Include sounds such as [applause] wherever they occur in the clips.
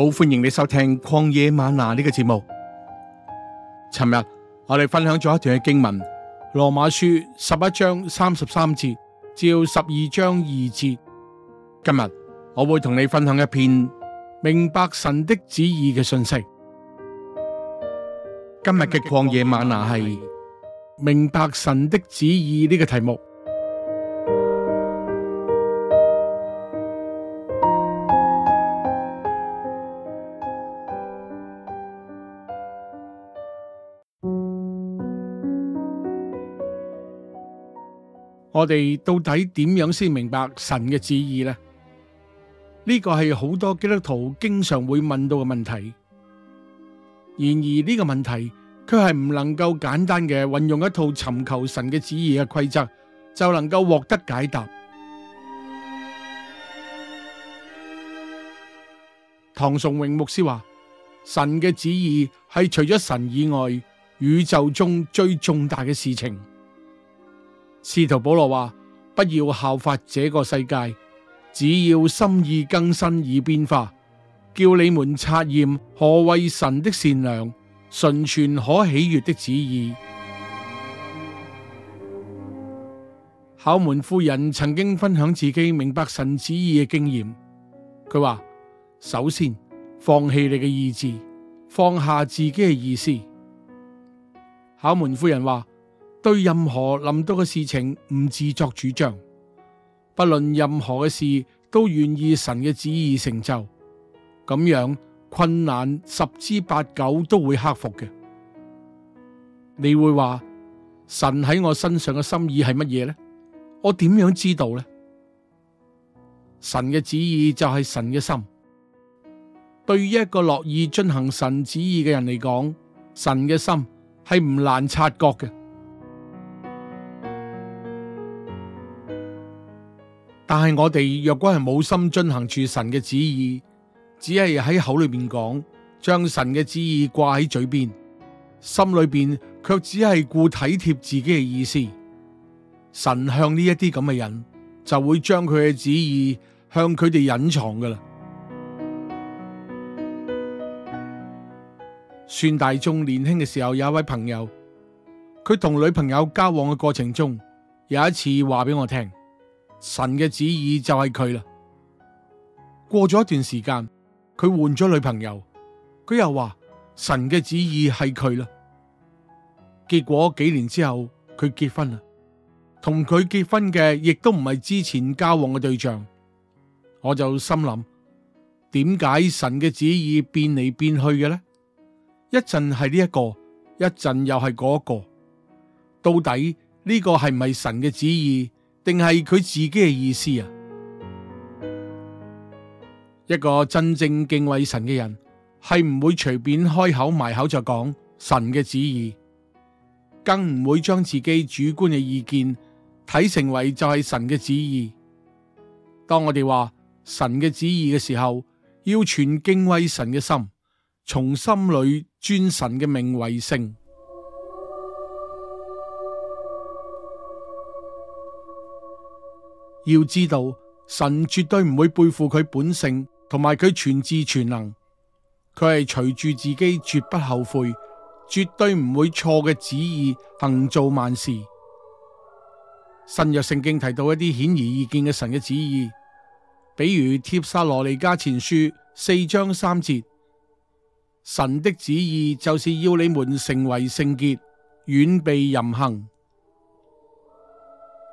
好歡迎你收聽曠野嗎哪呢個節目。尋日我哋分享咗一段嘅經文，羅馬書十一章三十三節至十二章二節。今日我會同你分享一篇明白神的旨意嘅信息。今日嘅曠野嗎哪係明白神的旨意呢個題目。我哋到底點樣先明白神嘅旨意呢？呢個係好多基督徒經常會問到嘅問題。然而呢個問題，卻係唔能夠簡單嘅運用一套尋求神嘅旨意嘅規則就能夠獲得解答。唐崇榮牧師話：神嘅旨意係除咗神以外，宇宙中最重大嘅事情。使徒保羅話：不要效法這個世界，只要心意更新而變化，叫你們察驗何為神的善良、純全、可喜悦的旨意。考門夫人曾經分享自己明白神旨意嘅經驗，佢話：首先，放棄你嘅意志，放下自己嘅意思。考門夫人話。對任何諗到嘅事情唔自作主張，不論任何嘅事都願意神嘅旨意成就，咁樣困難十之八九都會克服嘅。你會話神喺我身上嘅心意係乜嘢呢？我點樣知道呢？神嘅旨意就係神嘅心。對於一個樂意進行神旨意嘅人嚟講，神嘅心係唔難察覺嘅。但係我哋若果係冇心遵行住神嘅旨意，只係喺口裏面講，將神嘅旨意掛喺嘴邊，心裏邊卻只係顧體貼自己嘅意思，神向呢一啲咁嘅人就會將佢嘅旨意向佢哋隱藏噶啦。孫大中年輕嘅時候，有一位朋友，佢同女朋友交往嘅過程中，有一次話俾我聽。神嘅旨意就係佢啦。過咗一段時間，佢換咗女朋友，佢又話神嘅旨意係佢啦。結果幾年之後佢結婚啦，同佢結婚嘅亦都唔係之前交往嘅對象。我就心諗，點解神嘅旨意變嚟變去嘅咧？一陣係呢一個，一陣又係嗰一個，到底呢個係唔係神嘅旨意？定係佢自己嘅意思啊？一個真正敬畏神嘅人，係唔會隨便開口埋口就講神嘅旨意，更唔會將自己主觀嘅意見睇成為就係神嘅旨意。當我哋話神嘅旨意嘅時候，要存敬畏神嘅心，從心裏尊神嘅命為聖。要知道神絕對唔會背負佢本性，同埋佢全智全能。佢係隨住自己絕不後悔、絕對唔會錯嘅旨意行做萬事。神若聖經提到一啲顯而易見嘅神嘅旨意，比如帖撒羅尼迦前書四章三節，神的旨意就是要你們成為聖潔，遠避淫行。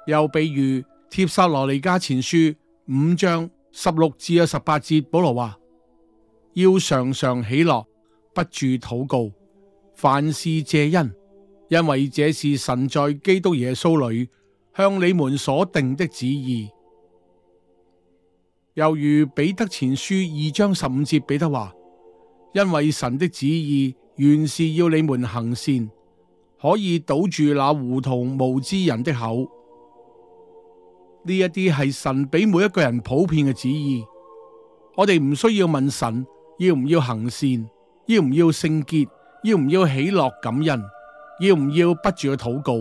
又比如，帖撒羅尼迦前書五章十六至十八節，保羅話要常常喜樂，不住禱告，凡事謝恩，因為這是神在基督耶穌裏向你們所定的旨意。猶如彼得前書二章十五節，彼得話因為神的旨意原是要你們行善，可以堵住那糊塗無知人的口。呢一啲係神俾每一個人普遍嘅旨意，我哋唔需要問神要唔要行善，要唔要聖潔，要唔要喜樂感恩，要唔要不住去禱告，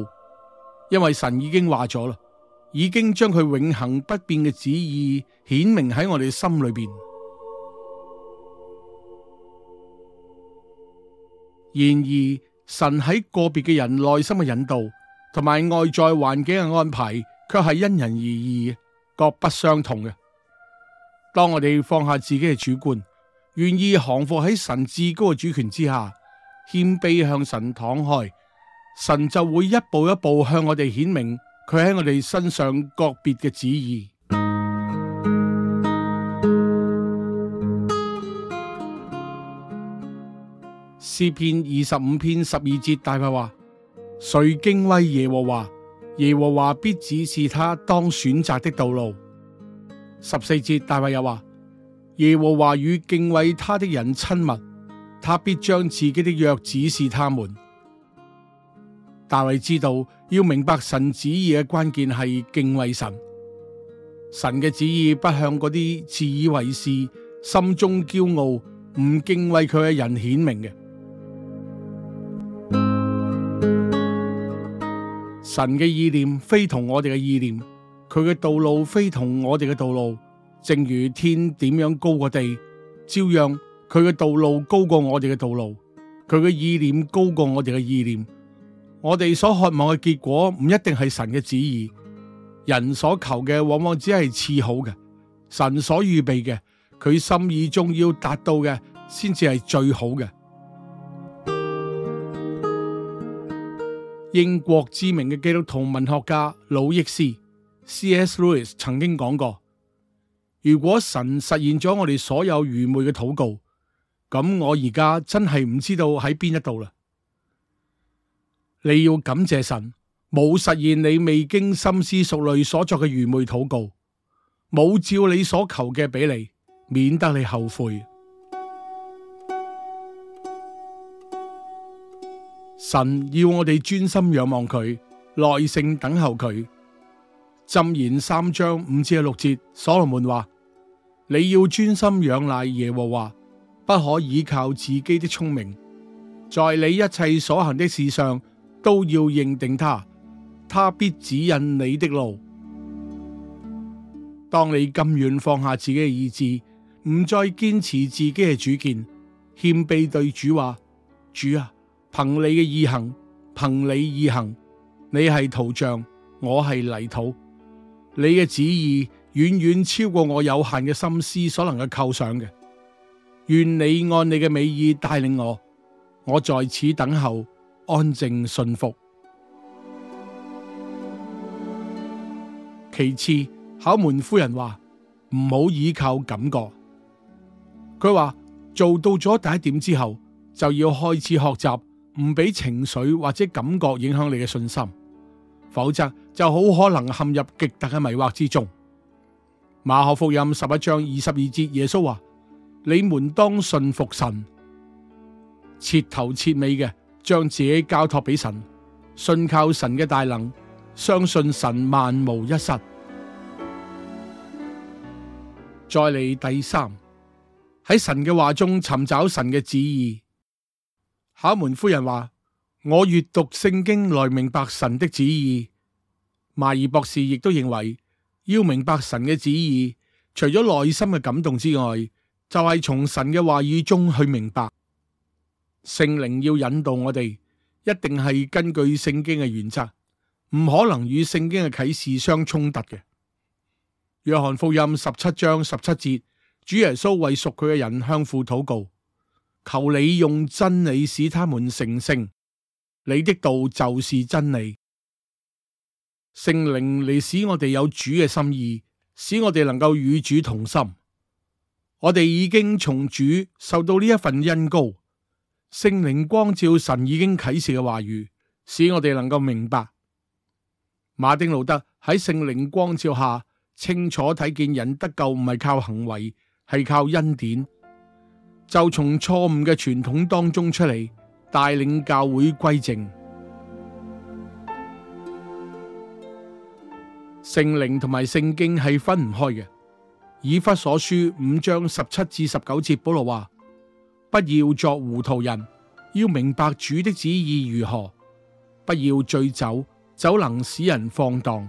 因為神已經話咗啦，已經將佢永恆不變嘅旨意顯明喺我哋心裏邊。然而，神喺個別嘅人內心嘅引導，同埋外在環境嘅安排。卻係因人而異各不相同嘅。當我哋放下自己嘅主觀，願意降服喺神至高嘅主權之下，謙卑向神敞開，神就會一步一步向我哋顯明佢喺我哋身上各別嘅旨意。 [music] 詩篇二十五篇十二節大伯話：誰敬畏耶和華？耶和華必指示他當選擇的道路。十四節大衛又話：耶和華與敬畏他的人親密，他必將自己的約指示他們。大衛知道要明白神旨意嘅關鍵係敬畏神，神嘅旨意不向嗰啲自以為是、心中驕傲、唔敬畏佢嘅人顯明嘅。神嘅意念非同我哋嘅意念，佢嘅道路非同我哋嘅道路。正如天點樣高過地，照樣佢嘅道路高過我哋嘅道路，佢嘅意念高過我哋嘅意念。我哋所渴望嘅結果唔一定係神嘅旨意，人所求嘅往往只係次好嘅，神所預備嘅，佢心意中要達到嘅先至係最好嘅。英國知名嘅基督徒文學家魯易斯 （C.S. Lewis） 曾經講過：如果神實現咗我哋所有愚昧嘅禱告，咁我而家真係唔知道喺邊一度啦。你要感謝神，冇實現你未經深思熟慮所作嘅愚昧禱告，冇照你所求嘅俾你，免得你後悔。神要我哋專心仰望佢，耐性等候佢。箴言三章五至六節，所羅門話：你要專心仰賴耶和華，不可倚靠自己的聰明。在你一切所行的事上，都要認定他，他必指引你的路。當你甘願放下自己嘅意志，唔再堅持自己嘅主見，謙卑對主話：主啊！憑你嘅意行，憑你意行，你係陶匠，我係泥土。你嘅旨意遠遠超過我有限嘅心思所能夠構想嘅。願你按你嘅美意帶領我，我在此等候，安靜信服。其次，考門夫人話唔好依靠感覺。佢話做到咗第一點之後，就要開始學習。唔俾情緒或者感覺影響你嘅信心，否則就好可能陷入極大嘅迷惑之中。馬可福音十一章二十二節，耶穌話：你們當信服神，徹頭徹尾嘅將自己交託俾神，信靠神嘅大能，相信神萬無一失。再嚟第三，喺神嘅話中尋找神嘅旨意。考門夫人話：我閱讀聖經來明白神的旨意。馬爾博士亦都認為要明白神嘅旨意，除咗內心嘅感動之外，就係、是、從神嘅話語中去明白。聖靈要引導我哋，一定係根據聖經嘅原則，唔可能與聖經嘅啟示相衝突嘅。約翰福音十七章十七節，主耶穌為屬佢嘅人向父禱告。求你用真理使他們成聖，你的道就是真理。聖靈嚟使我哋有主嘅心意，使我哋能夠與主同心。我哋已經從主受到呢一份恩膏，聖靈光照神已經啟示嘅話語，使我哋能夠明白。馬丁路德喺聖靈光照下，清楚睇見人得救唔係靠行為，係靠恩典。就從錯誤嘅傳統當中出嚟，帶領教會歸正。聖靈同埋聖經係分唔開嘅。以弗所書五章十七至十九節，保羅話：不要作糊塗人，要明白主的旨意如何。不要醉酒，酒能使人放蕩，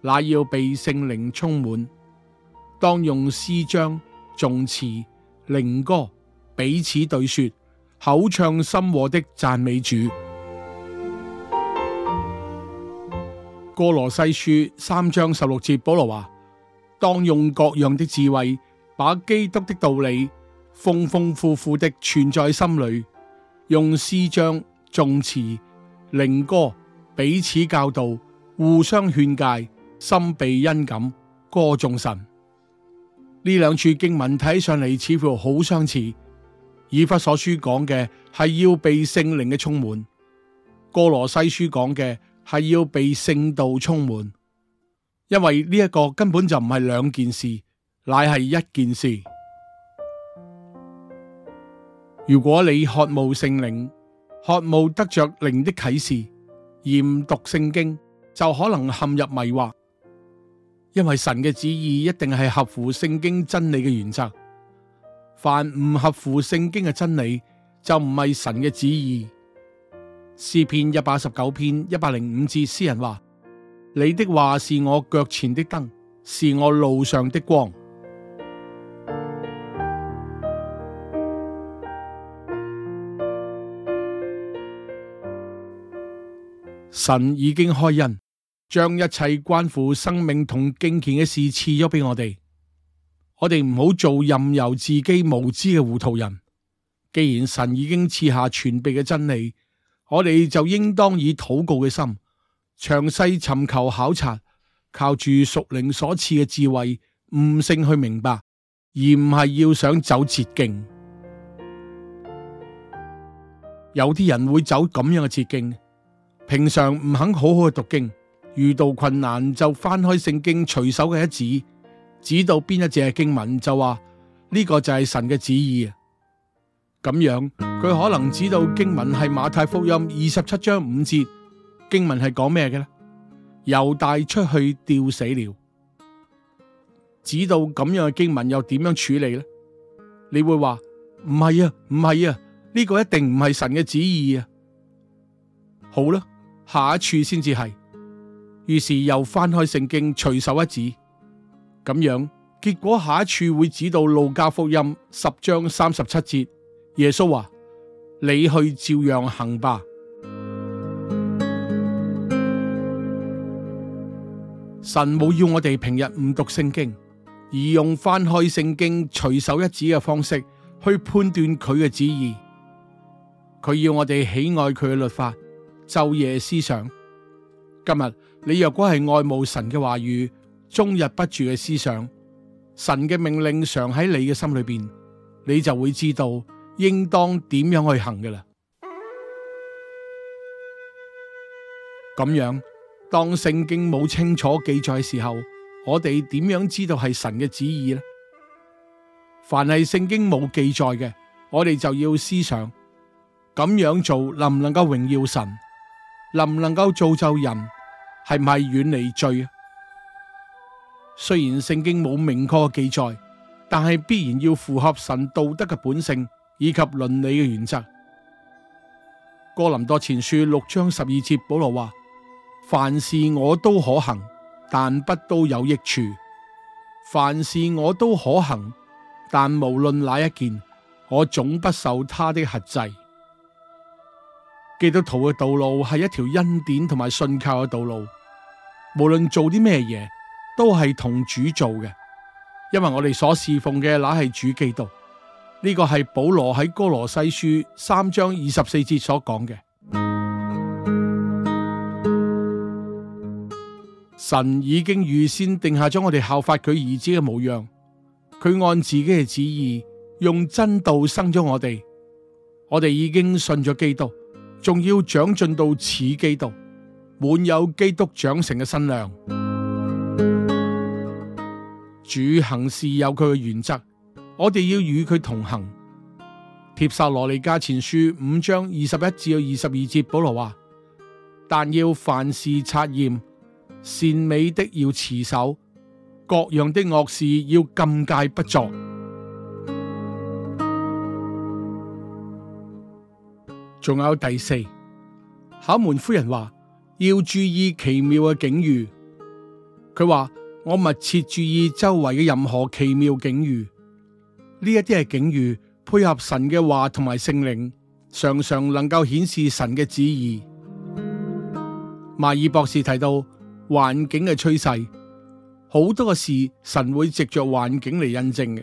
乃要被聖靈充滿。當用詩章、頌詞、靈歌。彼此對說，口唱心和的讚美主。歌羅西書三章十六節，保羅話：當用各樣的智慧，把基督的道理豐豐富富的存在心裏，用詩章、頌詞、靈歌彼此教導，互相勸誡，心被恩感歌頌神。呢兩處經文睇上嚟，似乎好相似。以弗所書講嘅係要被聖靈嘅充滿，哥羅西書講嘅係要被聖道充滿，因為呢一個根本就唔係兩件事，乃係一件事。如果你渴慕聖靈，渴慕得着靈的啟示，而不讀聖經，就可能陷入迷惑，因為神嘅旨意一定係合乎聖經真理嘅原則。凡唔合乎聖經嘅真理，就唔係神嘅旨意。詩篇一百一十九篇一百零五至，詩人話：你的話是我腳前的燈，是我路上的光。神已經開恩，將一切關乎生命同敬虔嘅事賜咗俾我哋。我哋唔好做任由自己無知嘅糊塗人。既然神已經賜下全備嘅真理，我哋就應當以禱告嘅心，詳細尋求考察，靠住屬靈所賜嘅智慧悟性去明白，而唔係要想走捷徑。有啲人會走咁樣嘅捷徑，平常唔肯好好去讀經，遇到困難就翻開聖經隨手嘅一指。指到邊一節係經文就話呢個就係神嘅旨意啊！咁樣佢可能指到經文係馬太福音二十七章五節，經文係講咩嘅呢？「猶大出去吊死了。」指到咁樣嘅經文又點樣處理呢？你會話唔係啊，唔係啊，呢個一定唔係神嘅旨意啊！好啦，下一處先至係，於是又翻開聖經，隨手一指。咁樣，結果下一處會指到路加福音十章三十七節，耶穌話：你去照樣行吧。神冇要我哋平日唔讀聖經，而用翻開聖經隨手一指嘅方式去判斷佢嘅旨意。佢要我哋喜愛佢嘅律法，晝夜思想。今日你若果係愛慕神嘅話語。終日不住嘅思想，神嘅命令常喺你嘅心裏邊，你就會知道應當點樣去行㗎喇。咁樣，當聖經冇清楚記載嘅時候，我哋點樣知道係神嘅旨意呢？凡係聖經冇記載嘅，我哋就要思想，咁樣做能唔能夠榮耀神？能唔能夠造就人？係咪遠離罪啊？雖然聖經冇明確嘅記載，但係必然要符合神道德嘅本性以及倫理嘅原則。哥林多前書六章十二節，保羅話：凡事我都可行，但不都有益處；凡事我都可行，但無論哪一件，我總不受他的轄制。基督徒嘅道路係一條恩典同埋信靠嘅道路，無論做啲咩嘢。都係同主做嘅，因為我哋所侍奉嘅乃係主基督，呢個係保羅喺哥羅西書三章二十四節所講嘅。 [music] 神已經預先定下咗我哋效法佢兒子嘅模樣，佢按自己嘅旨意用真道生咗我哋。我哋已經信咗基督，仲要長進到似基督，滿有基督長成嘅身量。主行事有佢嘅原則，我哋要與佢同行。帖撒羅尼加前書五章二十一至到二十二節，保羅話：但要凡事察驗，善美的要持守，各樣的惡事要禁戒不作。仲有第四，考門夫人話要注意奇妙嘅境遇。佢話。我密切注意周圍嘅任何奇妙境遇，呢一啲係境遇配合神嘅話同埋聖靈，常常能夠顯示神嘅旨意。邁爾博士提到環境嘅趨勢，好多嘅事神會藉着環境嚟印證嘅。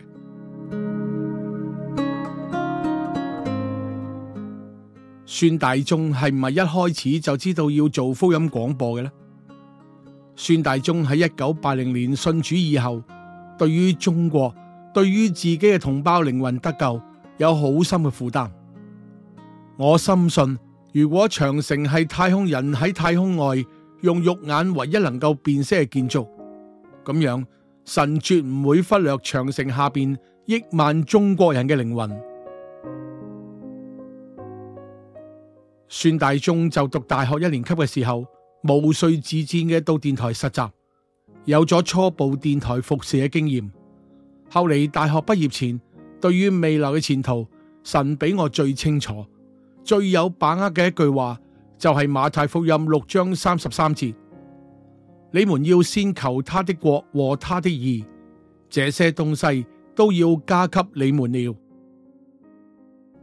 孫大中係唔係一開始就知道要做福音廣播嘅呢？孫大中喺一九八零年信主以後，對於中國、對於自己嘅同胞靈魂得救，有好深嘅負擔。我深信，如果長城係太空人喺太空外用肉眼唯一能夠辨識嘅建築，咁樣神絕唔會忽略長城下邊億萬中國人嘅靈魂。孫大中就讀大學一年級嘅時候，無遂自薦嘅到電台實習，有咗初步電台服侍嘅經驗。後嚟，大學畢業前，對於未來嘅前途，神俾我最清楚、最有把握嘅一句話，就係、是、馬太福音六章三十三節：你們要先求他的國和他的義，這些東西都要加給你們了。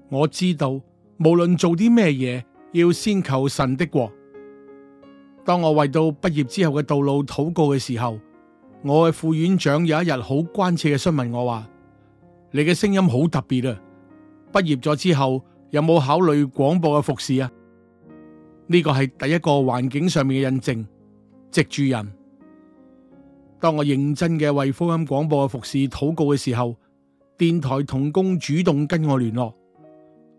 我知道無論做啲咩嘢，要先求神的國。當我為到畢業之後嘅道路禱告嘅時候，我嘅副院長有一日好關切嘅詢問我話，你嘅聲音好特別啊！畢業咗之後有冇考慮廣播嘅服侍啊？呢個係第一個環境上面嘅印證，藉住人。當我認真嘅為福音廣播嘅服侍禱告嘅時候，電台同工主動跟我聯絡，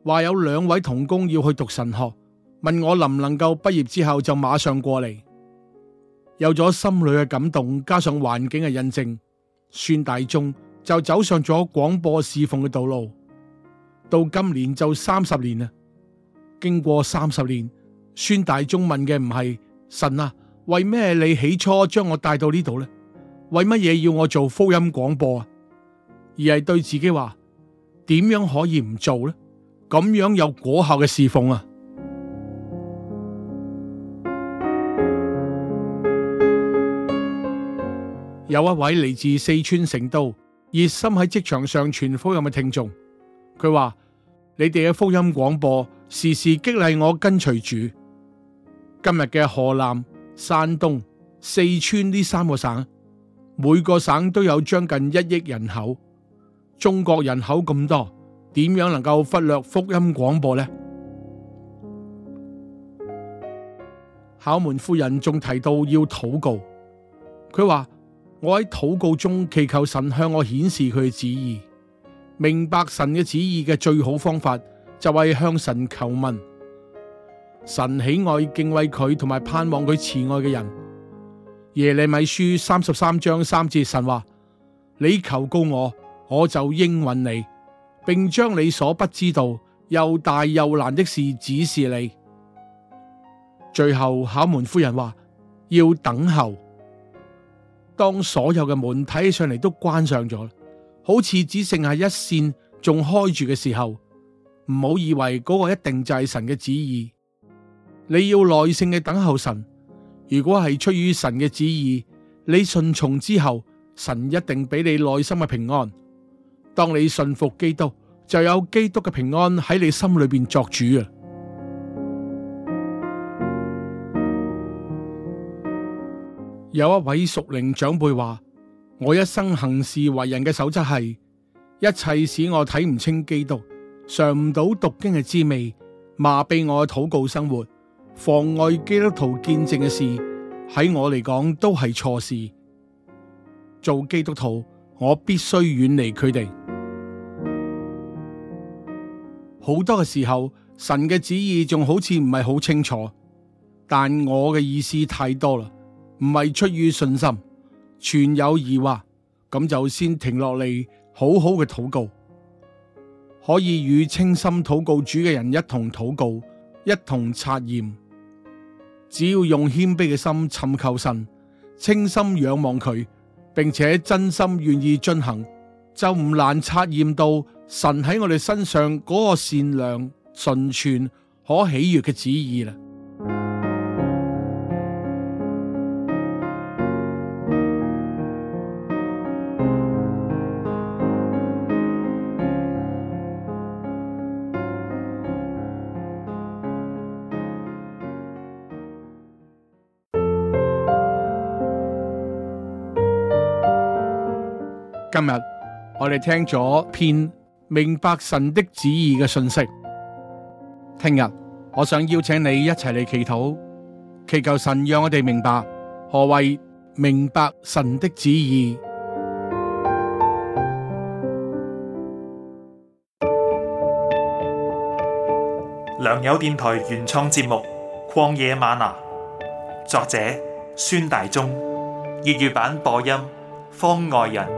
話有兩位同工要去讀神學。問我能唔能夠畢業之後就馬上過嚟？有咗心裏嘅感動，加上環境嘅印證，孫大中就走上咗廣播侍奉嘅道路。到今年就三十年啦。經過三十年，孫大中問嘅唔係神啊，為咩你起初將我帶到呢度呢？為乜嘢要我做福音廣播啊？而係對自己話，點樣可以唔做呢？咁樣有果效嘅侍奉啊！有一位嚟自四川成都，熱心喺職場上傳福音嘅聽眾，佢話：你哋嘅福音廣播時時激勵我跟隨主。今日嘅河南、山東、四川呢三個省，每個省都有將近一億人口，中國人口咁多，點樣能夠忽略福音廣播呢？考門夫人仲提到要禱告，佢話。我喺禱告中祈求神向我顯示佢嘅旨意，明白神嘅旨意嘅最好方法就係向神求問。神喜愛敬畏佢同埋盼望佢慈愛嘅人。耶利米書三十三章三節，神話：你求告我，我就應允你，並將你所不知道又大又難的事指示你。最後，考門夫人話：要等候。當所有嘅門睇起上嚟都關上咗，好似只剩下一扇仲開住嘅時候，唔好以為嗰個一定就係神嘅旨意。你要耐性嘅等候神。如果係出於神嘅旨意，你順從之後，神一定俾你內心嘅平安。當你信服基督，就有基督嘅平安喺你心裏邊作主啊！有一位屬靈長輩話：我一生行事為人嘅守則係，一切使我睇唔清基督、嘗唔到讀經嘅滋味、麻痹我嘅禱告生活、妨礙基督徒見證嘅事，喺我嚟講都係錯事。做基督徒，我必須遠離佢哋。好多嘅時候，神嘅旨意仲好似唔係好清楚，但我嘅意思太多啦。唔係出於信心，存有疑惑，咁就先停落嚟，好好嘅禱告，可以與清心禱告主嘅人一同禱告，一同察驗。只要用謙卑嘅心尋求神，清心仰望佢，並且真心願意進行，就唔難察驗到神喺我哋身上嗰個善良、純全、可喜悦嘅旨意啦。今日我哋聽咗篇明白神的旨意嘅信息，聽日我想邀請你一齊嚟祈禱，祈求神讓我哋明白何謂明白神的旨意。良友電台原創節目《曠野嗎哪》，作者孫大中，粵語版播音方外人。